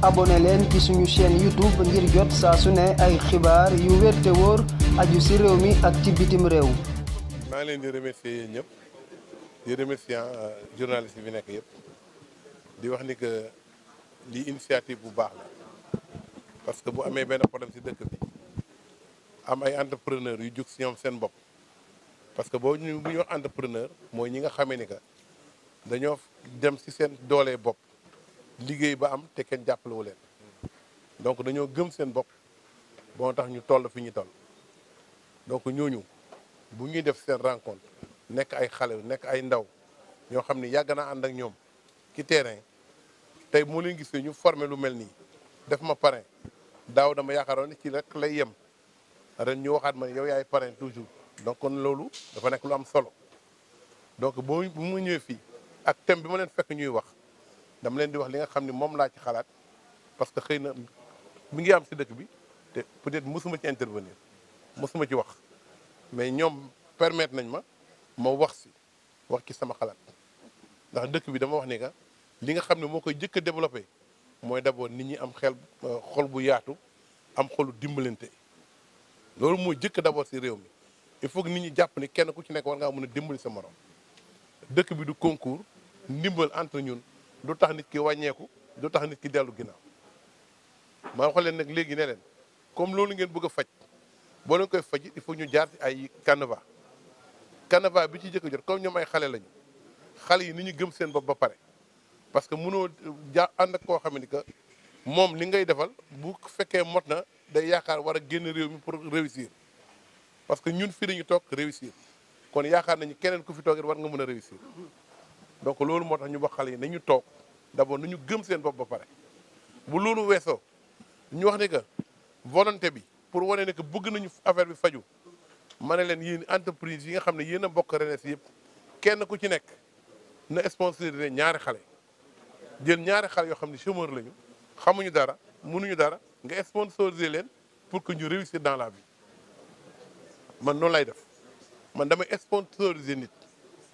abonné leen ci suñu seen YouTube ngir jot saa su ne ay xibaar yu wér te wóor aju si réew mi ak ci bitim réew. maa ngi leen di remercier yéen ñëpp di remercier euh, journaliste bi nekk yëpp di wax ni que lii initiative bu baax la parce que bu amee benn problème si dëkk bi am ay entrepreneur yu jug si ñoom seen bopp parce que boo ñu bu ñuy wax entrepreneur mooy ñi nga xamee ni que dañoo dem si seen doolee bopp. liggéey ba am te kenn jàppalewu leen donc dañoo gëm seen bopp boo tax ñu toll fi ñu toll donc ñooñu bu ñuy def seen rencontre nekk ay xale nekk ay ndaw ñoo xam ne yàgg naa ànd ak ñoom ki terrain tey moo leen gisee ñu formé lu mel nii def ma parrain daaw dama yaakaaroon ne ci rek lay yem ren ñu waxaat ma yow yaay parrain toujours donc kon loolu dafa nekk lu am solo donc boo bu ñëwee fii ak thème bi ma leen fekk ñuy wax dama leen di wax li nga xam ne moom laa ci xalaat parce que xëy na mi ngi am si dëkk bi te peut-être mosuma ci intervenir mosuma ci wax mais ñoom permettre nañ ma ma wax si wax ci sama xalaat ndax dëkk bi dama wax ni que li nga xam ne moo koy jëkk a développé mooy d'abord nit ñi am xel xol bu yaatu am xolu dimbalante loolu mooy jëkk d'abord si réew mi il faut que nit ñi jàpp ni kenn ku ci nekk war ngaa mun a dimbali sa moroom dëkk bi du concours ndimbal entre ñun du tax nit ki wàññeeku du tax nit ki dellu ginnaaw maa wax leen nag léegi ne leen comme loolu ngeen bëgg a faj boo leen koy faj il faut ñu jaar ci ay canevas canevas bi ci jëkk a jot comme ñoom ay xale lañu xale yi ni ñu gëm seen bopp ba pare parce que mënoo ja ànd ak koo xam ni moom li ngay defal bu fekkee mot na day yaakaar war a génn réew mi pour réussir parce que ñun fii dañu toog réussir kon yaakaar nañu keneen ku fi toogee war nga mën a réussir donc loolu moo tax ñu wax xale yi nañu toog d'abord nañu gëm seen bopp ba pare bu loolu weesoo ñu wax ne que volonté bi pour wane ne que bëgg nañu affaire bi faju ma ne leen yéen entreprise yi nga xam ne yéen a bokk renes yëpp kenn ku ci nekk na sponsorisé ñaari xale jël ñaari xale yoo xam ne chômeur lañu xamuñu dara munuñu dara nga sponsorisé leen pour que ñu réussir dans la vie man noonu lay def man damay sponsorisé nit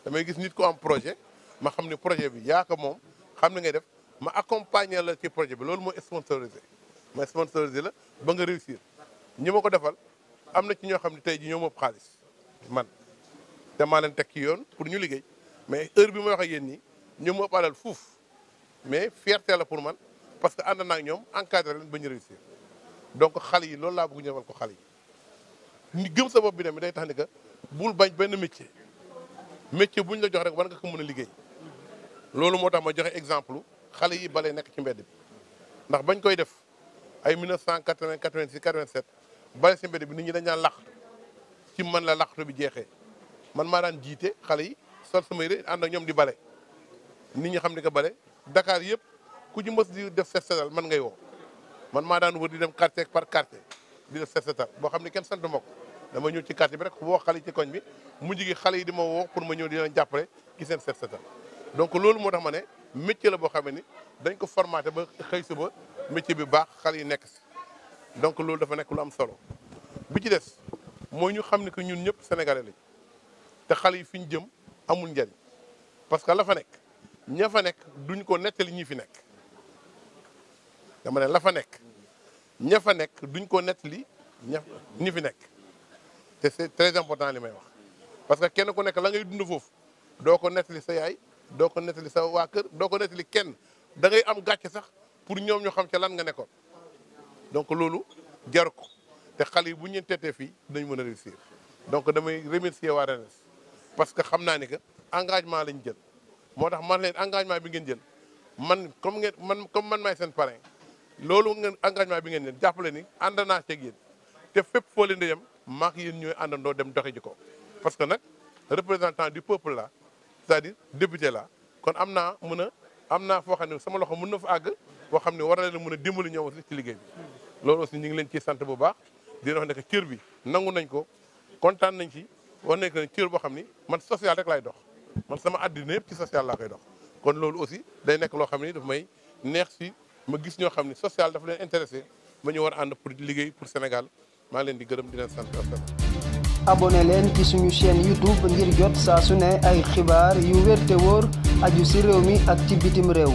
damay gis nit ku am projet ma xam ne projet bi yaa ko moom xam ni ngay def ma accompagner la ci projet bi loolu mooy sponsorisé ma sponsorisé la ba nga réussir ñi ma ko defal am na ci ñoo xam ne tey ji ñoo mopp xaalis man te maa leen teg ci yoon pour ñu liggéey mais heure bi ma wax ak yéen nii ñoo mopp alal fuuf mais fierté la pour man parce que ànd naa ñoom encadré leen ba ñu réussir donc xale yi loolu laa bëgg ñu defal ko xale yi ni gëm sa bopp bi ne mi day tax ni que bul bañ benn métier métier bu ñu la jox rek war nga ko mën a liggéey loolu moo tax ma joxe exemple xale yi bale nekk ci mbedd bi ndax bañ koy def ay 1980 86 87 bale si mbedd bi nit ñi dañ daan làqatu ci man la làqatu bi jeexee man maa daan jiite xale yi sol sama yére ànd ak ñoom di bale nit ñi xam ni ko bale Dakar yëpp ku ci mës di def set setal man ngay woo man maa daan wër di dem quartier par quartier di def set setal boo xam ne kenn sant ma dama ñëw ci quartier bi rek woo xale ci koñ bi mujj gi xale yi di ma woo pour ma ñëw di jàppale ci seen donc loolu moo tax ma ne métier la boo xam ni dañ ko formaté ba xëy si ba métier bi baax xale yi nekk si donc loolu dafa nekk lu am solo bi ci des mooy ñu xam ne que ñun ñëpp sénégalais lañ te xale yi fi ñu jëm amul njariñ parce que la fa nekk ña fa nekk duñ ko nettali ñi fi nekk dama ne la fa nekk ña fa nekk duñ ko nettali ña ñi fi nekk te c'est très important li may wax parce que kenn ku nekk la ngay dund foofu doo ko nettali sa yaay doo ko nettali sa waa kër doo ko nettali kenn da am gàcce sax pour ñoom ñu xam ca lan nga nekkoon donc loolu jar ko te xale yi bu ñu teetee fii dañ mën a réussir donc damay remercier waa parce que xam naa ni que engagement lañ jël moo tax man leen engagement bi ngeen jël man comme ngeen man comme man maay seen parrain loolu ngeen engagement bi ngeen jël jàppale ni ànd naa ceeg yéen te fépp foo leen di yem maak yéen ñooy àndandoo dem doxe ji ko parce que nag représentant du peuple la cest à la kon am naa mun a am naa foo xam ne sama loxo mën na fa àgg boo xam ne war na leen mun a dimbali ñoom aussi ci liggéey bi loolu aussi ñu ngi leen ciy sant bu baax dina wax ne bi nangu nañ ko kontaan nañ ci war nekk na boo xam ni man social rek laay dox man sama àddina yëpp ci social laa koy dox kon loolu aussi day nekk loo xam ne daf may neex si ma gis ñoo xam ne social dafa leen intéressé ma ñu war a ànd pour liggéey pour Sénégal maa ngi leen di gërëm di leen sant leen ci suñu chaîne YouTube ngir jot saa su ne ay xibaar yu wér te wóor aju ci réew mi ak ci bitim réew